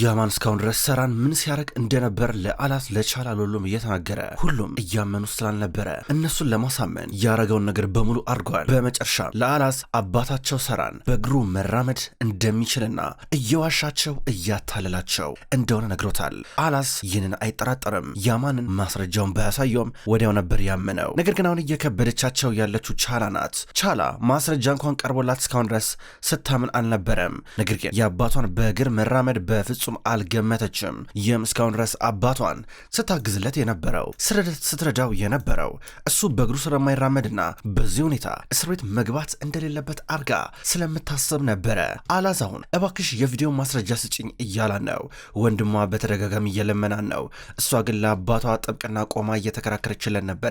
ያማን እስካሁን ድረስ ሰራን ምን ሲያደርግ እንደነበር ለአላስ ለቻላ አልወሎም እየተናገረ ሁሉም እያመኑ ስላልነበረ እነሱን ለማሳመን ያረገውን ነገር በሙሉ አድርጓል። በመጨረሻ ለአላስ አባታቸው ሰራን በእግሩ መራመድ እንደሚችልና እየዋሻቸው እያታለላቸው እንደሆነ ነግሮታል። አላስ ይህንን አይጠራጠርም። ያማንን ማስረጃውን ባያሳየውም ወዲያው ነበር ያመነው። ነገር ግን አሁን እየከበደቻቸው ያለችው ቻላ ናት። ቻላ ማስረጃ እንኳን ቀርቦላት እስካሁን ድረስ ስታምን አልነበረም። ነገር ግን የአባቷን በእግር መራመድ በፍ በፍጹም አልገመተችም። ይህም እስካሁን ድረስ አባቷን ስታግዝለት የነበረው ስረደት ስትረዳው የነበረው እሱ በእግሩ ስለማይራመድና በዚህ ሁኔታ እስር ቤት መግባት እንደሌለበት አርጋ ስለምታስብ ነበረ። አላዛሁን እባክሽ የቪዲዮ ማስረጃ ስጭኝ እያላን ነው። ወንድሟ በተደጋጋሚ እየለመናን ነው። እሷ ግን ለአባቷ ጥብቅና ቆማ እየተከራከረችለን ነበረ።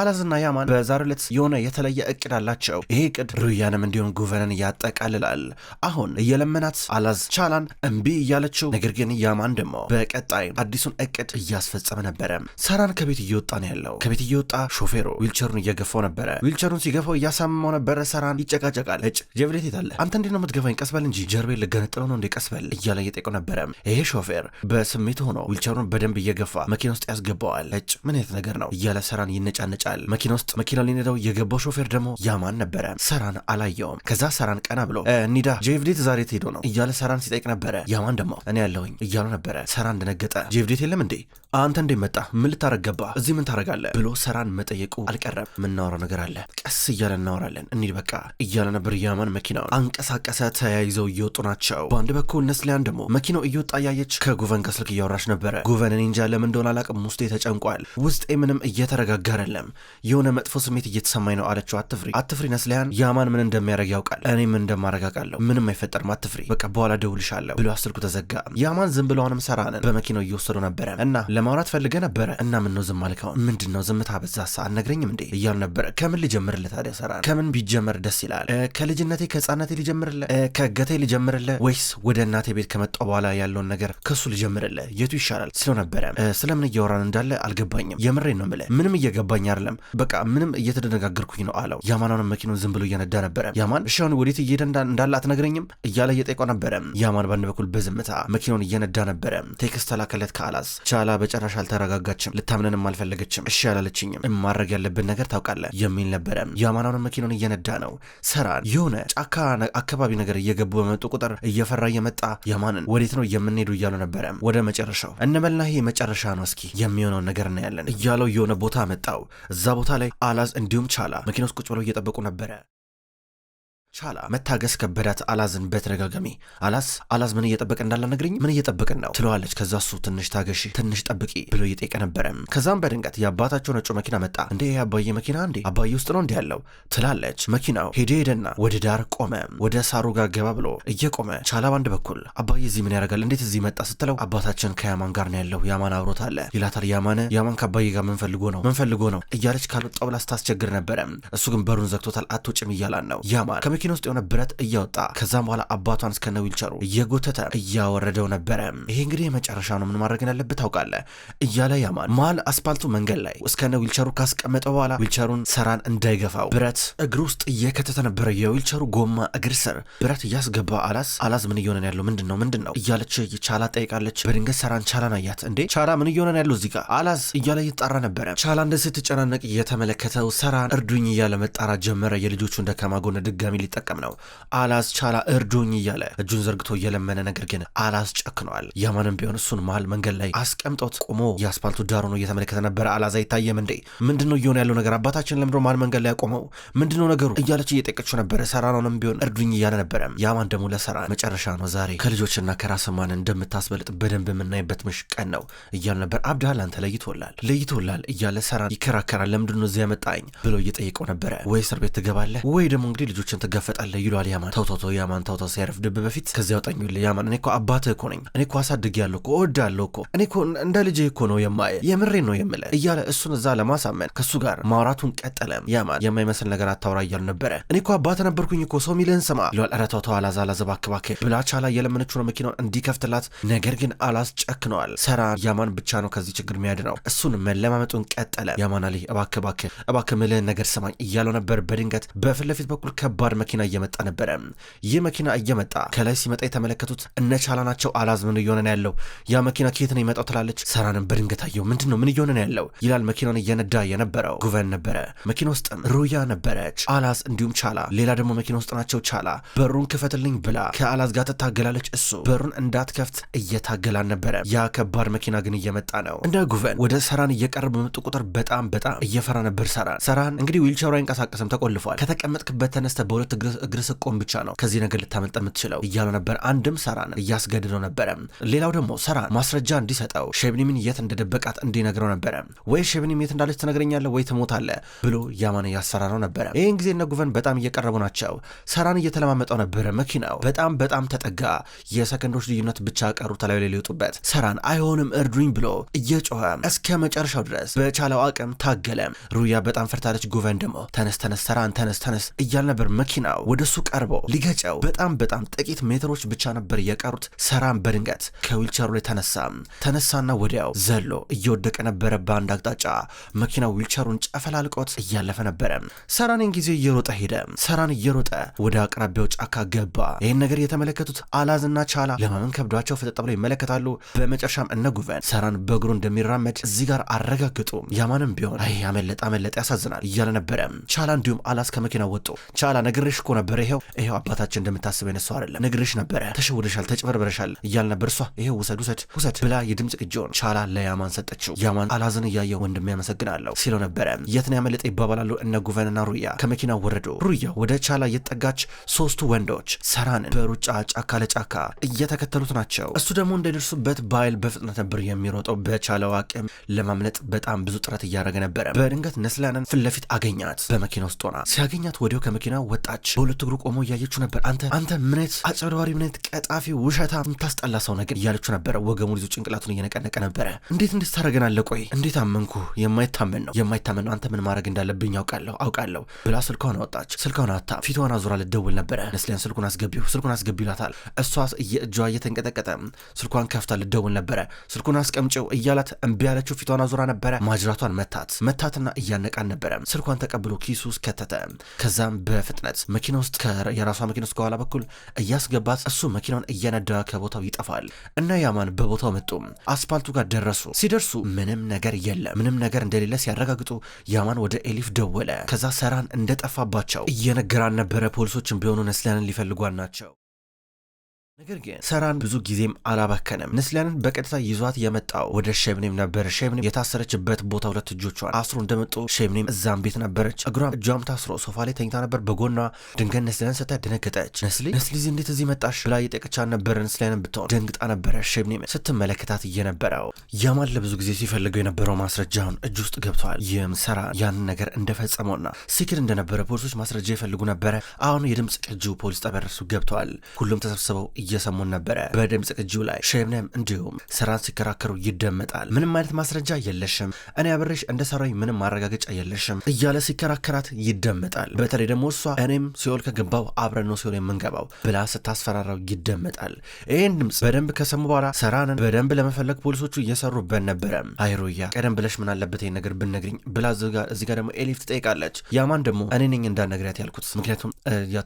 አላዝና ያማን በዛሬው ዕለት የሆነ የተለየ እቅድ አላቸው። ይሄ እቅድ ሩያንም እንዲሆን ጉቨንን ያጠቃልላል። አሁን እየለመናት አላዝ ቻላን እምቢ እያለች ነበረችው። ነገር ግን ያማን ደግሞ በቀጣይ አዲሱን እቅድ እያስፈጸመ ነበረ። ሳራን ከቤት እየወጣ ነው ያለው። ከቤት እየወጣ ሾፌሩ ዊልቸሩን እየገፋው ነበረ። ዊልቸሩን ሲገፋው እያሳመመው ነበረ። ሳራን ይጨቃጨቃል። እጭ ጀብሌት የታለ አንተ እንዴት ነው የምትገፋኝ? ቀስበል እንጂ ጀርቤ ልገነጥለው ነው እንዴ? ቀስበል እያለ እየጠየቀው ነበረ። ይሄ ሾፌር በስሜት ሆኖ ዊልቸሩን በደንብ እየገፋ መኪና ውስጥ ያስገባዋል። እጭ ምን አይነት ነገር ነው እያለ ሰራን ይነጫነጫል። መኪና ውስጥ መኪና ሊነዳው የገባው ሾፌር ደግሞ ያማን ነበረ። ሰራን አላየውም። ከዛ ሰራን ቀና ብሎ እኒዳ ጄቭዴት ዛሬ ትሄዶ ነው እያለ ሰራን ሲጠይቅ ነበረ። ያማን ደግሞ እኔ ያለሁኝ እያሉ ነበረ። ሰራን ደነገጠ። ጄቭዴት የለም እንዴ አንተ እንዴ መጣ? ምን ልታረግ ገባ? እዚህ ምን ታረጋለ? ብሎ ሰራን መጠየቁ አልቀረም። የምናወራው ነገር አለ፣ ቀስ እያለ እናወራለን፣ እኒድ በቃ እያለ ነበር። ያማን መኪናውን አንቀሳቀሰ። ተያይዘው እየወጡ ናቸው። በአንድ በኩል ነስሊያን ደግሞ መኪናው እየወጣ እያየች ከጉቨን ጋር ስልክ እያወራች ነበረ። ጉቨን እኔ እንጃ ለምን እንደሆነ አላቅም፣ ውስጤ ተጨንቋል፣ ውስጤ ምንም እየተረጋጋ አይደለም፣ የሆነ መጥፎ ስሜት እየተሰማኝ ነው አለችው። አትፍሪ አትፍሪ ነስሊያን፣ ያማን ምን እንደሚያደርግ ያውቃል፣ እኔ ምን እንደማረጋቃለሁ፣ ምንም አይፈጠርም፣ አትፍሪ በቃ በኋላ ደውልሻለሁ ብሎ ስልኩ ተዘጋ። ጋር ያማን ዝም ብለውንም ሰራንን በመኪናው እየወሰዱ ነበረ እና ለማውራት ፈልገ ነበረ እና ምን ነው ዝም አልከው? ምንድን ነው ዝምታ በዛ ሰዓት ነግረኝም እንዴ እያሉ ነበረ። ከምን ልጀምርልህ ታዲያ ሰራን? ከምን ቢጀመር ደስ ይላል? ከልጅነቴ ከህፃነቴ ልጀምርልህ? ከእገቴ ልጀምርልህ? ወይስ ወደ እናቴ ቤት ከመጣሁ በኋላ ያለውን ነገር ከሱ ልጀምርልህ? የቱ ይሻላል ስለው ነበረ። ስለምን እያወራን እንዳለ አልገባኝም። የምሬን ነው የምልህ። ምንም እየገባኝ አይደለም። በቃ ምንም እየተደነጋገርኩኝ ነው አለው። ያማናንም መኪናውን ዝም ብሎ እየነዳ ነበረ። ያማን እሺ አሁን ወዴት እየሄደ እንዳለ አትነግረኝም እያለ እየጠየቀው ነበረ። ያማን በአንድ በኩል በዝምታ መኪናውን እየነዳ ነበረ። ቴክስት ተላከለት ከአላዝ ቻላ በጨራሽ አልተረጋጋችም። ልታምነንም አልፈለገችም። እሺ አላለችኝም። እማድረግ ያለብን ነገር ታውቃለህ የሚል ነበረ። የአማናውን መኪናውን እየነዳ ነው። ሰራን የሆነ ጫካ አካባቢ ነገር እየገቡ በመጡ ቁጥር እየፈራ እየመጣ የማንን ወዴት ነው የምንሄዱ እያሉ ነበረ። ወደ መጨረሻው እነበልና ይሄ መጨረሻ ነው፣ እስኪ የሚሆነውን ነገር እናያለን እያለው የሆነ ቦታ መጣው። እዛ ቦታ ላይ አላዝ እንዲሁም ቻላ መኪና ውስጥ ቁጭ ብለው እየጠበቁ ነበረ። ቻላ መታገስ ከበዳት። አላዝን በተደጋጋሚ አላዝ አላዝ ምን እየጠበቀ እንዳለ ነግረኝ፣ ምን እየጠበቅን ነው ትለዋለች። ከዛ እሱ ትንሽ ታገሺ፣ ትንሽ ጠብቂ ብሎ እየጠየቀ ነበረ። ከዛም በድንገት የአባታቸው ነጩ መኪና መጣ። እንዴ የአባዬ መኪና እንዴ አባዬ ውስጥ ነው እንዲ ያለው ትላለች። መኪናው ሄደ ሄደና ወደ ዳር ቆመ። ወደ ሳሩ ጋር ገባ ብሎ እየቆመ ቻላ በአንድ በኩል አባዬ እዚህ ምን ያደርጋል እንዴት እዚህ መጣ ስትለው አባታችን ከያማን ጋር ነው ያለው ያማን አብሮት አለ ይላታል። ያማን ያማን ከአባዬ ጋር ምን ፈልጎ ነው ምን ፈልጎ ነው እያለች ካልወጣ ብላ ስታስቸግር ነበረ። እሱ ግን በሩን ዘግቶታል። አትወጭም እያላን ነው ያማን ከመኪና ውስጥ የሆነ ብረት እያወጣ ከዛም በኋላ አባቷን እስከነ ዊልቸሩ እየጎተተ እያወረደው ነበረ። ይሄ እንግዲህ የመጨረሻ ነው፣ ምን ማድረግ እንዳለብህ ታውቃለህ እያለ ያማል። መሀል አስፓልቱ መንገድ ላይ እስከነ ዊልቸሩ ካስቀመጠው በኋላ ዊልቸሩን ሰራን እንዳይገፋው ብረት እግር ውስጥ እየከተተ ነበረ። የዊልቸሩ ጎማ እግር ስር ብረት እያስገባ አላዝ አላዝ ምን እየሆነን ያለው ምንድን ነው ምንድን ነው እያለች ቻላ ጠይቃለች። በድንገት ሰራን ቻላን አያት። እንዴ ቻላ ምን እየሆነን ያለው እዚህ ጋር አላዝ እያለ እየጣራ ነበረ። ቻላ እንደ ስትጨናነቅ እየተመለከተው ሰራን እርዱኝ እያለ መጣራት ጀመረ። የልጆቹ እንደ ከማጎነ ድጋሚ ሊጠ የሚጠቀም ነው። አላዝ ቻላ እርዱኝ እያለ እጁን ዘርግቶ እየለመነ ነገር ግን አላዝ ጨክነዋል። ያማንም ቢሆን እሱን መሀል መንገድ ላይ አስቀምጦት ቆሞ የአስፓልቱ ዳር ሆኖ እየተመለከተ ነበረ። አላዝ አይታየም እንዴ? ነው እየሆነ ያለው ነገር? አባታችን ለምዶ መሀል መንገድ ላይ ያቆመው ምንድነው ነገሩ? እያለች እየጠቀችው ነበረ። ሰራናንም ቢሆን እርዱኝ እያለ ነበረ። ያማን ደግሞ ለሰራ መጨረሻ ነው ዛሬ ከልጆችና ማን እንደምታስበልጥ በደንብ የምናይበት ምሽ ቀን ነው እያሉ ነበር። አብድሃል አንተ ለይቶላል ለይቶላል እያለ ሰራን ይከራከራል። ለምንድነው እዚያ መጣኝ ብሎ እየጠየቀው ነበረ። ወይ እስር ቤት ትገባለህ ወይ ደግሞ እንግዲህ ልጆችን ትጋፈጣለህ ይሏል ያማን። ተውተውተው ያማን ተውተው ድብ በፊት ከዚያ አውጣኝ ያማን፣ እኔ እኮ አባትህ እኮ ነኝ፣ እኔ እኮ አሳድጌያለሁ እኮ እወድሃለሁ እኮ እኔ እኮ እንደ ልጅህ እኮ ነው የማየ የምሬ ነው የምለ እያለ እሱን እዛ ለማሳመን ከእሱ ጋር ማውራቱን ቀጠለ። ያማን የማይመስል ነገር አታውራ እያሉ ነበረ። እኔ እኮ አባት ነበርኩኝ እኮ ሰው ሚልህን ስማ ይሏል። ኧረ ተው ተው አላዛ አላዛ እባክህ እባክህ ብላ የለመነችው ነው መኪናውን እንዲከፍትላት ነገር ግን አላስ ጨክነዋል። ሰራ ያማን ብቻ ነው ከዚህ ችግር የሚያድነው። እሱን መለማመጡን ቀጠለ። ያማን አሊ እባክህ እባክህ እባክህ ምልህን ነገር ስማኝ እያለው ነበር። በድንገት በፊት ለፊት በኩል ከባድ መኪና እየመጣ ነበረ። ይህ መኪና እየመጣ ከላይ ሲመጣ የተመለከቱት እነ ቻላ ናቸው። አላዝ ምን እየሆነ ነው ያለው? ያ መኪና ከየት ነው የመጣው ትላለች። ሰራንም በድንገት አየው። ምንድን ነው ምን እየሆነ ነው ያለው ይላል። መኪናውን እየነዳ የነበረው ጉቨን ነበረ። መኪና ውስጥም ሩያ ነበረች፣ አላዝ እንዲሁም ቻላ። ሌላ ደግሞ መኪና ውስጥ ናቸው። ቻላ በሩን ክፈትልኝ ብላ ከአላዝ ጋር ትታገላለች። እሱ በሩን እንዳትከፍት እየታገላን ነበረ። ያ ከባድ መኪና ግን እየመጣ ነው። እንደ ጉቨን ወደ ሰራን እየቀረበ በመጡ ቁጥር በጣም በጣም እየፈራ ነበር ሰራን። ሰራን እንግዲህ ዊልቸሩ አይንቀሳቀስም፣ ተቆልፏል። ከተቀመጥክበት ተነስተ በሁለት እግር ስቆም ብቻ ነው ከዚህ ነገር ልታመልጥ የምትችለው እያለው ነበር። አንድም ሰራን እያስገድደው ነበረ። ሌላው ደግሞ ሰራን ማስረጃ እንዲሰጠው ሸብኒምን የት እንደደበቃት እንዲነግረው ነበረ። ወይ ሸብኒም የት እንዳለች ትነግረኛለህ ወይ ትሞታለህ ብሎ ያማን እያሰራረው ነበረ። ይህን ጊዜ እነ ጉቨን በጣም እየቀረቡ ናቸው። ሰራን እየተለማመጠው ነበረ። መኪናው በጣም በጣም ተጠጋ። የሰከንዶች ልዩነት ብቻ ቀሩ ተለያዩ ሊወጡበት። ሰራን አይሆንም እርዱኝ ብሎ እየጮኸ እስከ መጨረሻው ድረስ በቻለው አቅም ታገለ። ሩያ በጣም ፈርታለች። ጉቨን ደግሞ ተነስ ተነስ፣ ሰራን ተነስ ተነስ እያል ነበር መኪና ነው ወደ እሱ ቀርቦ ሊገጨው በጣም በጣም ጥቂት ሜትሮች ብቻ ነበር የቀሩት። ሰራም በድንገት ከዊልቸሩ ላይ ተነሳ። ተነሳና ወዲያው ዘሎ እየወደቀ ነበረ። በአንድ አቅጣጫ መኪና ዊልቸሩን ጨፈላልቆት እያለፈ ነበረ። ሰራንን ጊዜ እየሮጠ ሄደ። ሰራን እየሮጠ ወደ አቅራቢያው ጫካ ገባ። ይህን ነገር የተመለከቱት አላዝና ቻላ ለማመን ከብዷቸው ፍጠጥ ብለው ይመለከታሉ። በመጨረሻም እነ ጉቨን ሰራን በእግሩ እንደሚራመድ እዚህ ጋር አረጋግጡ። ያማንም ቢሆን አይ አመለጠ አመለጠ ያሳዝናል እያለ ነበረ። ቻላ እንዲሁም አላዝ ከመኪና ወጡ። ቻላ ነግሬሽ ነግሬሽ እኮ ነበር። ይሄው ይሄው አባታችን እንደምታስበው የነሱ አይደለም። ነግሬሽ ነበረ፣ ተሸውደሻል፣ ተጭበርበረሻል እያል ነበር። እሷ ይሄው ውሰድ ውሰድ ውሰድ ብላ የድምፅ ቅጂውን ቻላ ለያማን ሰጠችው። ያማን አላዝን እያየው ወንድሜ ያመሰግናለሁ ሲለው ነበረ። የት ነው ያመለጠ ይባባላሉ እነ ጉቨንና ሩያ ከመኪና ወረዱ። ሩያ ወደ ቻላ እየተጠጋች ሶስቱ ወንዶች ሰራንን በሩጫ ጫካ ለጫካ እየተከተሉት ናቸው። እሱ ደግሞ እንዳይደርሱበት ባይል በፍጥነት ነበር የሚሮጠው። በቻላው አቅም ለማምለጥ በጣም ብዙ ጥረት እያደረገ ነበረ። በድንገት ነስላንን ፊት ለፊት አገኛት በመኪና ውስጥ ሆና ሲያገኛት ወዲያው ከመኪና ወጣች። ቆማለች። በሁለት እግሩ ቆሞ እያየችው ነበር። አንተ አንተ ምን አይነት አጭበርባሪ፣ ምን አይነት ቀጣፊ፣ ውሸታ፣ የምታስጠላ ሰው ነገር እያለችው ነበረ። ወገሙን ይዞ ጭንቅላቱን እየነቀነቀ ነበረ። እንዴት እንዴት ታደርገናለህ? ቆይ እንዴት አመንኩ? የማይታመን ነው የማይታመን ነው። አንተ ምን ማድረግ እንዳለብኝ አውቃለሁ አውቃለሁ ብላ ስልኳን አወጣች። ስልኳን አታ ፊቷን አዙራ ልደውል ነበረ። ነስሊያን ስልኩን አስገቢው ስልኩን አስገቢ ይላታል። እሷ እጇ እየተንቀጠቀጠ ስልኳን ከፍታ ልደውል ነበረ። ስልኩን አስቀምጭው እያላት እምቢ ያለችው ፊቷን አዙራ ነበረ። ማጅራቷን መታት መታትና እያነቃን ነበረ። ስልኳን ተቀብሎ ኪሱ ውስጥ ከተተ። ከዛም በፍጥነት መኪና ውስጥ የራሷ መኪና ውስጥ ከኋላ በኩል እያስገባት እሱ መኪናውን እየነዳ ከቦታው ይጠፋል እና ያማን በቦታው መጡ። አስፓልቱ ጋር ደረሱ። ሲደርሱ ምንም ነገር የለም። ምንም ነገር እንደሌለ ሲያረጋግጡ ያማን ወደ ኤሊፍ ደወለ። ከዛ ሰራን እንደጠፋባቸው እየነገራን ነበረ። ፖሊሶችን ቢሆኑ ነስሊያንን ሊፈልጓን ናቸው። ነገር ግን ሰራን ብዙ ጊዜም አላባከነም። ንስሊያንን በቀጥታ ይዟት የመጣው ወደ ሸብኔም ነበር። ሸብኔም የታሰረችበት ቦታ ሁለት እጆቿን አስሮ እንደመጡ ሸብኔም እዛም ቤት ነበረች። እግሯም እጇም ታስሮ ሶፋ ላይ ተኝታ ነበር። በጎኗ ድንገን ነስሊያንን ስታ ደነገጠች። ነስሊ ነስሊ እንዴት እዚህ መጣሽ ብላ የጠቅቻን ነበር። ንስሊያንን ብትሆን ደንግጣ ነበረ። ሸብኔም ስትመለከታት እየነበረው ያማን ለብዙ ጊዜ ሲፈልገው የነበረው ማስረጃውን እጅ ውስጥ ገብቷል። ይህም ሰራን ያንን ነገር እንደፈጸመውና ሲክድ እንደነበረ ፖሊሶች ማስረጃ ይፈልጉ ነበረ። አሁን የድምፅ ቅጂው ፖሊስ ጠበረሱ ገብተዋል። ሁሉም ተሰብስበው እየሰሙን ነበረ። በድምፅ ቅጂው ላይ ሸምነም እንዲሁም ስራን ሲከራከሩ ይደመጣል። ምንም አይነት ማስረጃ የለሽም፣ እኔ አብሬሽ እንደሰራኝ ምንም ማረጋገጫ የለሽም እያለ ሲከራከራት ይደመጣል። በተለይ ደግሞ እሷ እኔም ሲኦል ከገባው አብረን ነው ሲኦል የምንገባው ብላ ስታስፈራራው ይደመጣል። ይህን ድምፅ በደንብ ከሰሙ በኋላ ሰራንን በደንብ ለመፈለግ ፖሊሶቹ እየሰሩበት ነበረ። አይሩያ ቀደም ብለሽ ምን አለበት ይሄን ነገር ብነግርኝ ብላ እዚህ ጋር ደግሞ ኤሊፍ ትጠይቃለች። ያማን ደግሞ እኔ ነኝ እንዳነግሪያት ያልኩት ምክንያቱም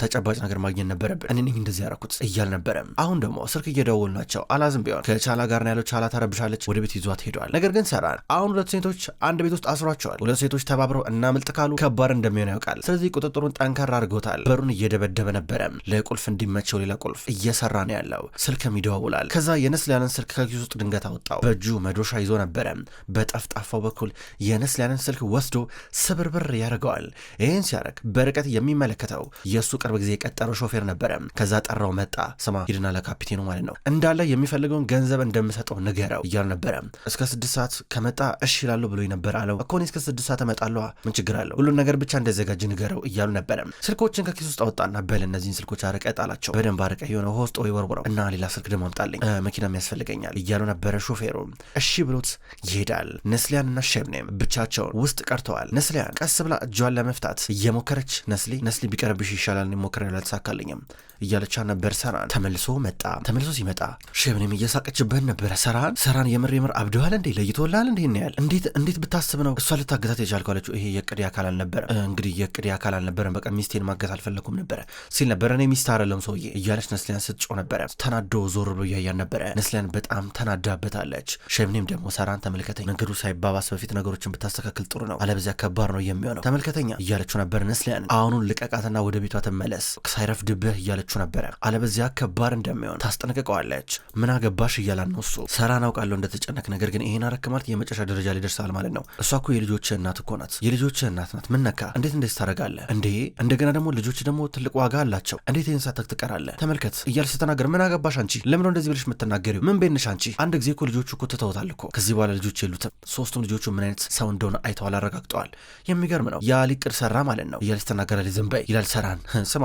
ተጨባጭ ነገር ማግኘት ነበረብን እኔ ነኝ እንደዚህ ያረኩት እያል ነበረ። አሁን ደግሞ ስልክ እየደወሉ ናቸው። አላዝም ቢሆን ከቻላ ጋር ነው ያለው። ቻላ ተረብሻለች፣ ወደ ቤት ይዟት ሄዷል። ነገር ግን ሰራን አሁን ሁለት ሴቶች አንድ ቤት ውስጥ አስሯቸዋል። ሁለት ሴቶች ተባብረው እናምልጥ ካሉ ከባድ እንደሚሆን ያውቃል። ስለዚህ ቁጥጥሩን ጠንካራ አድርጎታል። በሩን እየደበደበ ነበረም ለቁልፍ እንዲመቸው ሌላ ቁልፍ እየሰራ ነው ያለው። ስልክም ይደዋውላል። ከዛ የነስሊያንን ስልክ ከኪሱ ውስጥ ድንገት አወጣው። በእጁ መዶሻ ይዞ ነበረ። በጠፍጣፋው በኩል የነስሊያንን ስልክ ወስዶ ስብርብር ያደርገዋል። ይህን ሲያደርግ በርቀት የሚመለከተው የእሱ ቅርብ ጊዜ የቀጠረው ሾፌር ነበረ። ከዛ ጠራው፣ መጣ። ስማ ሂድ ለአንድና ለካፒቴኑ ማለት ነው እንዳለ የሚፈልገውን ገንዘብ እንደምሰጠው ንገረው እያሉ ነበረ። እስከ ስድስት ሰዓት ከመጣ እሺ እላለሁ ብሎ ነበር አለው። እኮ እኔ እስከ ስድስት ሰዓት እመጣለሁ፣ ምን ችግር አለው? ሁሉን ነገር ብቻ እንደዘጋጅ ንገረው እያሉ ነበረ። ስልኮችን ከኪስ ውስጥ አወጣና በል እነዚህን ስልኮች አረቀ ጣላቸው፣ በደንብ አረቀ የሆነ ሆስጦ ይወርውረው እና ሌላ ስልክ ደግሞ አምጣልኝ፣ መኪናም ያስፈልገኛል እያሉ ነበረ። ሾፌሩ እሺ ብሎት ይሄዳል። ነስሊያን እና ሸብኔም ብቻቸውን ውስጥ ቀርተዋል። ነስሊያን ቀስ ብላ እጇን ለመፍታት እየሞከረች ነስሊ ነስሊ ቢቀርብሽ ይሻላል ሞከረ አልተሳካልኝም እያለቻ ነበር። ሰራን ተመልሶ ተመልሶ መጣ። ተመልሶ ሲመጣ ሸምኔም እየሳቀችበት ነበረ። ሰራን ሰራን የምር የምር አብደዋል እንዴ ለይቶላል እንዴ ያል እንዴት እንዴት ብታስብ ነው እሷ ልታገታት የቻልከው አለችው። ይሄ የቅዴ አካል አልነበረ እንግዲህ የቅዴ አካል አልነበረም። በቃ ሚስቴን ማገት አልፈለኩም ነበረ ሲል ነበረ። እኔ ሚስት አይደለም ሰውዬ እያለች ነስሊያን ስትጮ ነበረ። ተናዶ ዞር ብሎ እያያን ነበረ። ነስሊያን በጣም ተናዳበታለች። ሸምኔም ደግሞ ሰራን ተመልከተኝ፣ ነገሩ ሳይባባስ በፊት ነገሮችን ብታስተካክል ጥሩ ነው፣ አለበዚያ ከባድ ነው የሚሆነው። ተመልከተኛ እያለችው ነበር። ነስሊያን አሁኑን ልቀቃትና ወደ ቤቷ ትመለስ ሳይረፍድብህ እያለችው ነበረ። አለበዚያ ከባድ እንደሚሆን ታስጠነቅቀዋለች። ምን አገባሽ እያላን ነው እሱ። ሰራን አውቃለሁ እንደተጨነቅ፣ ነገር ግን ይሄን አረክ ማለት የመጨረሻ ደረጃ ላይ ደርሳል ማለት ነው። እሷ እኮ የልጆች እናት እኮ ናት፣ የልጆች እናት ናት። ምን ነካ? እንዴት እንደዚህ ታደርጋለህ እንዴ? እንደገና ደግሞ ልጆች ደግሞ ትልቅ ዋጋ አላቸው። እንዴት ይህን ሳተክ ትቀራለህ? ተመልከት እያለች ስትናገር፣ ምን አገባሽ አንቺ፣ ለምን እንደዚህ ብለሽ የምትናገሪው? ምን ቤንሽ አንቺ? አንድ ጊዜ እኮ ልጆቹ እኮ ትተውታል እኮ ከዚህ በኋላ ልጆች የሉትም። ሶስቱም ልጆቹ ምን አይነት ሰው እንደሆነ አይተዋል፣ አረጋግጠዋል። የሚገርም ነው ያ ሊቅር ሰራ ማለት ነው እያለች ትናገራለች። ዝም በይ ይላል ሰራን። ስማ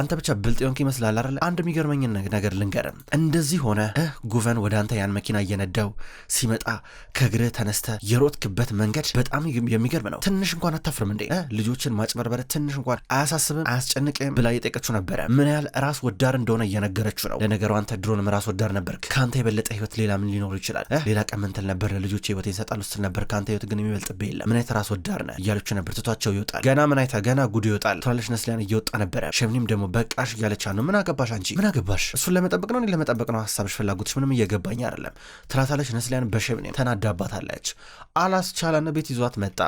አንተ ብቻ ብልጥ ሆንክ ይመስላል አለ። አንድ የሚገርመኝ ነገር ልንገርም። እንደዚህ ሆነ ጉቨን ወደ አንተ ያን መኪና እየነዳው ሲመጣ ከእግርህ ተነስተ የሮጥክበት መንገድ በጣም የሚገርም ነው። ትንሽ እንኳን አታፍርም እንዴ? ልጆችን ማጭበርበር ትንሽ እንኳን አያሳስብም አያስጨንቅም ብላ የጠየቀችው ነበረ። ምን ያህል ራስ ወዳር እንደሆነ እየነገረችው ነው። ለነገሩ አንተ ድሮንም ራስ ወዳር ነበርክ። ከአንተ የበለጠ ህይወት ሌላ ምን ሊኖሩ ይችላል? ሌላ ቀን ምን ነበር? ለልጆች ህይወት ይሰጣል ስትል ነበር። ከአንተ ህይወት ግን የሚበልጥብህ የለም። ምን አይነት ራስ ወዳር ነህ እያለችው ነበር። ትቷቸው ይወጣል። ገና ምን አይታ ገና ጉዱ ይወጣል ትላለች። ነስሊያን እየወጣ ነበረ። ሸምኒም ደግሞ ደግሞ በቃሽ እያለቻ ነው። ምን አገባሽ አንቺ ምን አገባሽ? እሱን ለመጠበቅ ነው ለመጠበቅ ነው ሀሳብሽ፣ ፍላጎትሽ ምንም እየገባኝ አይደለም ትላታለች። ነስሊያን በሸብኔ ተናዳባታለች። አላስቻላን ቤት ይዟት መጣ።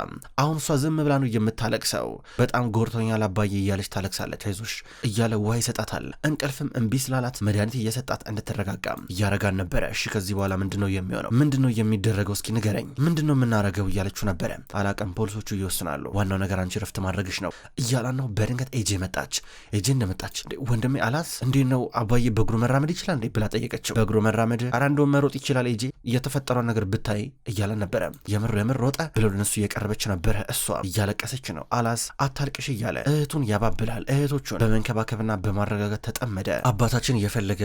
አሁን እሷ ዝም ብላ ነው የምታለቅሰው። በጣም ጎርቶኛል አባዬ እያለች ታለቅሳለች። አይዞሽ እያለ ውሃ ይሰጣታል። እንቅልፍም እምቢ ስላላት መድኃኒት እየሰጣት እንድትረጋጋ እያረጋን ነበረ። እሺ ከዚህ በኋላ ምንድን ነው የሚሆነው? ምንድን ነው የሚደረገው? እስኪ ንገረኝ፣ ምንድን ነው የምናረገው? እያለችው ነበረ። አላቀም ፖሊሶቹ ይወስናሉ። ዋናው ነገር አንቺ ረፍት ማድረግሽ ነው እያላ ነው። በድንገት ኤጄ መጣች። ኤጄን እንደመጣች ወንድሜ አላስ እንዴት ነው አባዬ በእግሩ መራመድ ይችላል እንዴ ብላ ጠየቀችው። በእግሩ መራመድ አራንዶ መሮጥ ይችላል እጄ የተፈጠረውን ነገር ብታይ እያለ ነበረ። የምር የምር ሮጠ ብሎ ለነሱ እየቀረበች ነበረ። እሷ እያለቀሰች ነው። አላስ አታልቅሽ እያለ እህቱን ያባብላል። እህቶቹን በመንከባከብና በማረጋጋት ተጠመደ። አባታችን የፈለገ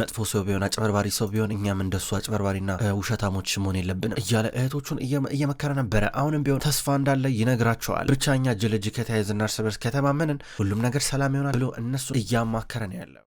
መጥፎ ሰው ቢሆን አጭበርባሪ ሰው ቢሆን እኛም እንደሱ አጭበርባሪና ውሸታሞች መሆን የለብንም እያለ እህቶቹን እየመከረ ነበረ። አሁንም ቢሆን ተስፋ እንዳለ ይነግራቸዋል። ብቻ እኛ እጅ ለእጅ ከተያያዝና እርስ በርስ ከተማመንን ሁሉም ነገር ሰላም ይሆናል ብሎ እነሱ እያማከረ ነው ያለው።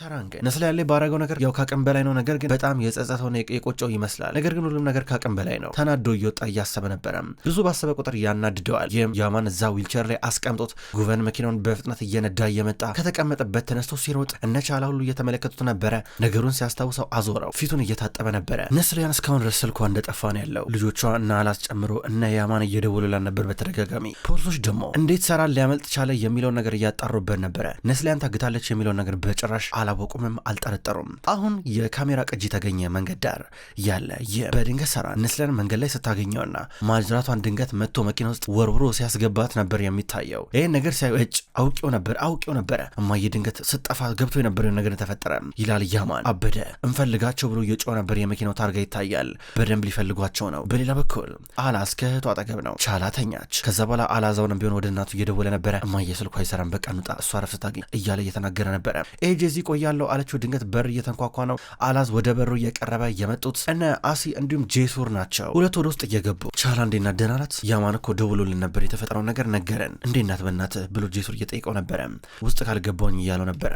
ሰራንገ ነስላ ያለ ባረገው ነገር ያው ካቅም በላይ ነው። ነገር ግን በጣም የጸጸተውና የቆጨው ይመስላል። ነገር ግን ሁሉም ነገር ካቅም በላይ ነው። ተናዶ እየወጣ እያሰበ ነበረ። ብዙ ባሰበ ቁጥር ያናድደዋል። ይህም ያማን እዛ ዊልቸር ላይ አስቀምጦት ጉቨን መኪናውን በፍጥነት እየነዳ እየመጣ ከተቀመጠበት ተነስቶ ሲሮጥ እነቻላ ሁሉ እየተመለከቱት ነበረ። ነገሩን ሲያስታውሰው አዞረው። ፊቱን እየታጠበ ነበረ። ነስሊያን እስካሁን ድረስ ስልኳ እንደጠፋ ነው ያለው። ልጆቿ እና አላስ ጨምሮ እና ያማን እየደወሉላን ነበር በተደጋጋሚ። ፖሊሶች ደግሞ እንዴት ሰራን ሊያመልጥ ቻለ የሚለውን ነገር እያጣሩበት ነበረ። ነስሊያን ታግታለች የሚለውን ነገር በጭራሽ አላወቁምም፣ አልጠረጠሩም። አሁን የካሜራ ቅጂ ተገኘ። መንገድ ዳር ያለ በድንገት ሰራ ንስለን መንገድ ላይ ስታገኘውና ማጅራቷን ድንገት መጥቶ መኪና ውስጥ ወርውሮ ሲያስገባት ነበር የሚታየው። ይህን ነገር ሲያዩ እጭ አውቄው ነበር አውቄው ነበረ እማዬ ድንገት ስጠፋ ገብቶ የነበረውን ነገር ተፈጠረ ይላል ያማን። አበደ እንፈልጋቸው ብሎ እየጮኸ ነበር። የመኪናው ታርጋ ይታያል። በደንብ ሊፈልጓቸው ነው። በሌላ በኩል አላስ ከእህቱ አጠገብ ነው። ቻላ ተኛች። ከዛ በኋላ አላዛውንም ቢሆን ወደ እናቱ እየደወለ ነበረ። እማዬ ስልኳ አይሰራም፣ በቃ እሷ ረፍት እያለ እየተናገረ ነበረ። ኤጄዚ ቆያለሁ አለችው። ድንገት በር እየተንኳኳ ነው። አላዝ ወደ በሩ እየቀረበ የመጡት እነ አሲ እንዲሁም ጄሱር ናቸው። ሁለት ወደ ውስጥ እየገቡ ቻላ እንዴና ደህና ናት? ያማን እኮ ደውሎልን ነበር፣ የተፈጠረውን ነገር ነገረን። እንዴት ናት በእናትህ ብሎ ጄሱር እየጠየቀው ነበረ። ውስጥ ካልገባኝ እያለው ነበረ።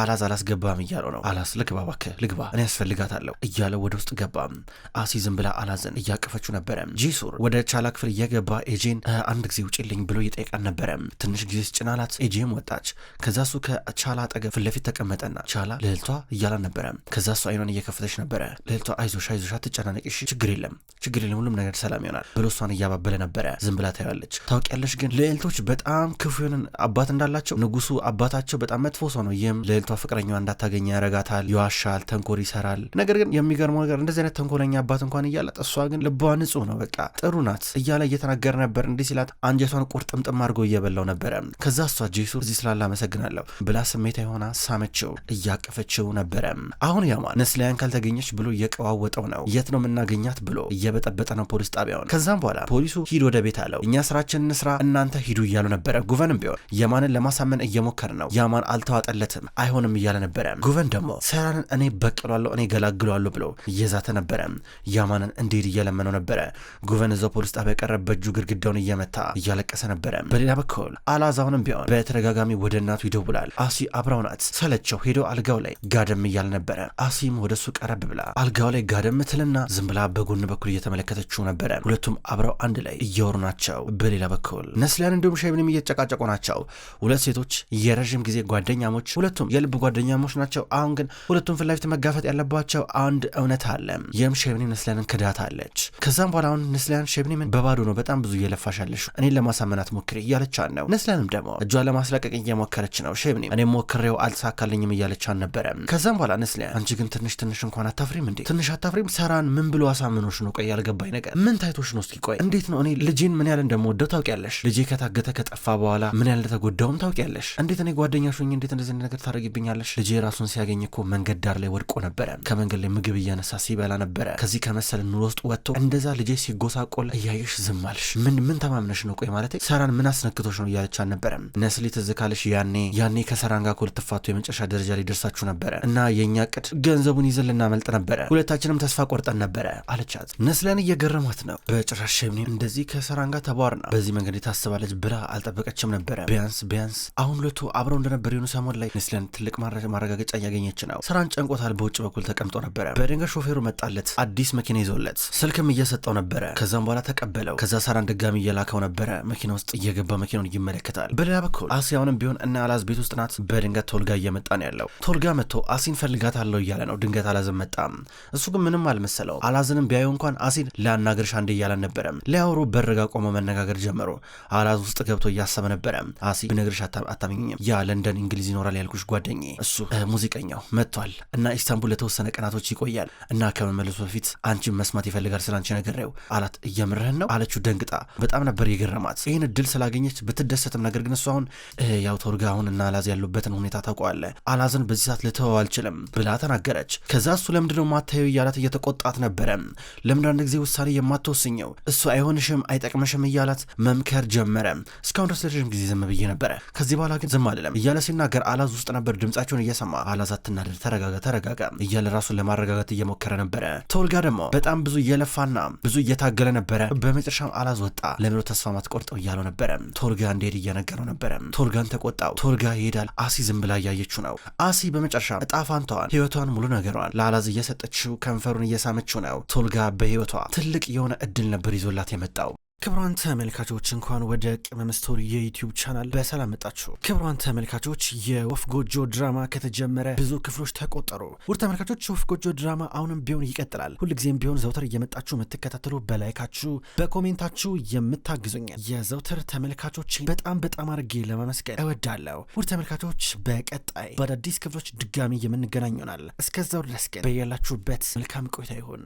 አላዝ አላስገባም እያለው ነው። አላዝ ልግባ እባክህ ልግባ፣ እኔ ያስፈልጋታለሁ እያለው ወደ ውስጥ ገባ። አሲ ዝም ብላ አላዝን እያቀፈችው ነበረ። ጄሱር ወደ ቻላ ክፍል እየገባ ኤጄን አንድ ጊዜ ውጭልኝ ብሎ እየጠየቃን ነበረ። ትንሽ ጊዜ ስጭናላት ኤጄም ወጣች። ከዛ እሱ ከቻላ አጠገብ ፊት ለፊት ተቀመጠና ቻላና ቻላ ልዕልቷ እያላ ነበረ። ከዛ እሱ አይኗን እየከፈተች ነበረ። ልዕልቷ አይዞሽ አይዞሽ አትጨናነቂሽ፣ ችግር የለም ችግር የለም፣ ሁሉም ነገር ሰላም ይሆናል ብሎ እሷን እያባበለ ነበረ። ዝም ብላ ታያለች። ታውቂያለሽ ግን ልዕልቶች በጣም ክፉ የሆንን አባት እንዳላቸው ንጉሱ አባታቸው በጣም መጥፎ ሰው ነው። ይህም ልዕልቷ ፍቅረኛዋ እንዳታገኘ ያረጋታል። ይዋሻል፣ ተንኮል ይሰራል። ነገር ግን የሚገርመው ነገር እንደዚህ አይነት ተንኮለኛ አባት እንኳን እያላት እሷ ግን ልቧ ንጹህ ነው በቃ ጥሩ ናት እያለ እየተናገረ ነበር። እንዲህ ሲላት አንጀቷን ቁርጥምጥም አድርጎ እየበላው ነበረ። ከዛ እሷ ጄሱ እዚህ ስላለ አመሰግናለሁ ብላ ስሜታ የሆና ሳመችው። እያቀፈችው ነበረ። አሁን ያማን ነስሊያን ካልተገኘች ብሎ እየቀዋወጠው ነው። የት ነው የምናገኛት ብሎ እየበጠበጠ ነው ፖሊስ ጣቢያውን። ከዛም በኋላ ፖሊሱ ሂድ ወደ ቤት አለው። እኛ ስራችንን ስራ እናንተ ሂዱ እያሉ ነበረ። ጉቨንም ቢሆን ያማንን ለማሳመን እየሞከረ ነው። ያማን አልተዋጠለትም፣ አይሆንም እያለ ነበረ። ጉቨን ደግሞ ሰራንን እኔ በቅሏለሁ፣ እኔ ገላግሏለሁ ብሎ እየዛተ ነበረ። ያማንን እንዴት እየለመነው ነበረ። ጉቨን እዛው ፖሊስ ጣቢያ ቀረ፣ በእጁ ግድግዳውን እየመታ እያለቀሰ ነበረ። በሌላ በኩል አላዛውንም ቢሆን በተደጋጋሚ ወደ እናቱ ይደውላል። አሲ አብራው ናት፣ ሰለቸው ሄዶ አልጋው ላይ ጋደም እያል ነበረ። አሲም ወደ እሱ ቀረብ ብላ አልጋው ላይ ጋደም ምትልና ዝም ብላ በጎን በኩል እየተመለከተችው ነበረ። ሁለቱም አብረው አንድ ላይ እያወሩ ናቸው። በሌላ በኩል ነስሊያን እንዲሁም ሸይብንም እየተጨቃጨቁ ናቸው። ሁለት ሴቶች የረዥም ጊዜ ጓደኛሞች፣ ሁለቱም የልብ ጓደኛሞች ናቸው። አሁን ግን ሁለቱም ፊት ለፊት መጋፈጥ ያለባቸው አንድ እውነት አለ። ይህም ሸብኒ ነስሊያንን ክዳት አለች። ከዛም በኋላ አሁን ነስሊያን ሸብኒ በባዶ ነው በጣም ብዙ እየለፋሽ ያለሽ እኔን ለማሳመናት ሞክሪ እያለቻን ነው። ነስሊያንም ደግሞ እጇን ለማስለቀቅ እየሞከረች ነው። ሸብኒ እኔም ሞክሬው አልተሳካልኝም እያ እያለች አልነበረም። ከዛም በኋላ ነስሊያ አንቺ ግን ትንሽ ትንሽ እንኳን አታፍሪም እንዴ? ትንሽ አታፍሪም? ሰራን ምን ብሎ አሳምኖች ነው? ቆይ ያልገባኝ ነገር ምን ታይቶች ነው? እስኪ ቆይ እንዴት ነው እኔ ልጄን ምን ያህል እንደምወደው ታውቂያለሽ። ልጄ ከታገተ ከጠፋ በኋላ ምን ያህል እንደተጎዳውም ታውቂያለሽ። እንዴት እኔ ጓደኛሽ ሆኜ እንዴት እንደዚህ ነገር ታደርጊብኛለሽ? ልጄ ራሱን ሲያገኝ እኮ መንገድ ዳር ላይ ወድቆ ነበረ። ከመንገድ ላይ ምግብ እያነሳ ሲበላ ነበረ። ከዚህ ከመሰል ኑሮ ውስጥ ወጥቶ እንደዛ ልጄ ሲጎሳቆል እያየሽ ዝም አልሽ። ምን ምን ተማምነሽ ነው? ቆይ ማለት ሰራን ምን አስነክቶች ነው? እያለች አልነበረም ነስሊ። ትዝ ካለሽ ያኔ ያኔ ከሰራን ጋር እኮ ልትፋቱ የመጨረሻ ደረጃ ላይ ደርሳችሁ ነበረ እና የእኛ ቅድ ገንዘቡን ይዘን ልናመልጥ ነበረ። ሁለታችንም ተስፋ ቆርጠን ነበረ አለቻት። ነስለን እየገረማት ነው። በጭራሽ ሸምኔ እንደዚህ ከሰራን ጋር ተቧርና በዚህ መንገድ የታስባለች ብላ አልጠበቀችም ነበረ። ቢያንስ ቢያንስ አሁን ሁለቱ አብረው እንደነበር የሆኑ ሰሞን ላይ ነስለን ትልቅ ማረጋገጫ እያገኘች ነው። ስራን ጨንቆታል። በውጭ በኩል ተቀምጦ ነበረ። በድንገት ሾፌሩ መጣለት፣ አዲስ መኪና ይዞለት ስልክም እየሰጠው ነበረ። ከዛም በኋላ ተቀበለው። ከዛ ሰራን ድጋሚ እየላከው ነበረ። መኪና ውስጥ እየገባ መኪናውን ይመለከታል። በሌላ በኩል አስያውንም ቢሆን እና አላዝ ቤት ውስጥ ናት። በድንገት ተወልጋ እየመጣ ነው ያለ ያለው። ቶልጋ መጥቶ አሲን ፈልጋታለሁ እያለ ነው። ድንገት አላዝን መጣ። እሱ ግን ምንም አልመሰለው። አላዝንም ቢያዩ እንኳን አሲን ላናገርሽ አንዴ እያለ ነበረም። ሊያወሩ በረጋ ቆመ መነጋገር ጀመሩ። አላዝ ውስጥ ገብቶ እያሰበ ነበረ። አሲ ብነግርሽ አታመኝም። ያ ለንደን እንግሊዝ ይኖራል ያልኩሽ ጓደኝ እሱ ሙዚቀኛው መጥቷል እና ኢስታንቡል ለተወሰነ ቀናቶች ይቆያል እና ከመመለሱ በፊት አንቺን መስማት ይፈልጋል ስላንቺ ነገሬው አላት። እየምርህን ነው አለችው ደንግጣ። በጣም ነበር የገረማት ይህን እድል ስላገኘች ብትደሰትም፣ ነገር ግን እሱ አሁን ያው ቶልጋ አሁን እና አላዝ ያሉበትን ሁኔታ ታውቀዋለህ። ሐዘን በዚህ ሰዓት ልተወው አልችልም ብላ ተናገረች። ከዛ እሱ ለምንድነው ማታየው እያላት እየተቆጣት ነበረ። ለምን አንድ ጊዜ ውሳኔ የማትወስኘው እሱ አይሆንሽም፣ አይጠቅመሽም እያላት መምከር ጀመረ። እስካሁን ድረስ ለረዥም ጊዜ ዝም ብዬ ነበረ፣ ከዚህ በኋላ ግን ዝም አልለም እያለ ሲናገር አላዝ ውስጥ ነበር ድምጻቸውን እየሰማ አላዝ አትናደድ፣ ተረጋጋ፣ ተረጋጋ እያለ ራሱን ለማረጋጋት እየሞከረ ነበረ። ተወልጋ ደግሞ በጣም ብዙ እየለፋና ብዙ እየታገለ ነበረ። በመጨረሻም አላዝ ወጣ። ለምሮ ተስፋ ማትቆርጠው እያለው ነበረ። ተወልጋ እንደሄድ እየነገረው ነበረ። ተወልጋን ተቆጣው። ተወልጋ ይሄዳል። አሲ ዝም ብላ እያየችው ነው። አሲ በመጨረሻ እጣ ህይወቷን ሙሉ ነገሯን ለአላዝ እየሰጠችው ከንፈሩን እየሳመችው ነው። ቶልጋ በህይወቷ ትልቅ የሆነ እድል ነበር ይዞላት የመጣው። ክብሯን ተመልካቾች እንኳን ወደ ቅመም ስቶሪ የዩቲዩብ ቻናል በሰላም መጣችሁ። ክብሯን ተመልካቾች የወፍ ጎጆ ድራማ ከተጀመረ ብዙ ክፍሎች ተቆጠሩ። ውድ ተመልካቾች ወፍ ጎጆ ድራማ አሁንም ቢሆን ይቀጥላል። ሁልጊዜም ቢሆን ዘውትር እየመጣችሁ የምትከታተሉ በላይካችሁ፣ በኮሜንታችሁ የምታግዙኝ የዘውትር ተመልካቾች በጣም በጣም አድርጌ ለማመስገን እወዳለሁ። ውድ ተመልካቾች በቀጣይ በአዳዲስ ክፍሎች ድጋሚ የምንገናኝ ይሆናል። እስከዛው ድረስ ግን በያላችሁበት መልካም ቆይታ ይሁን።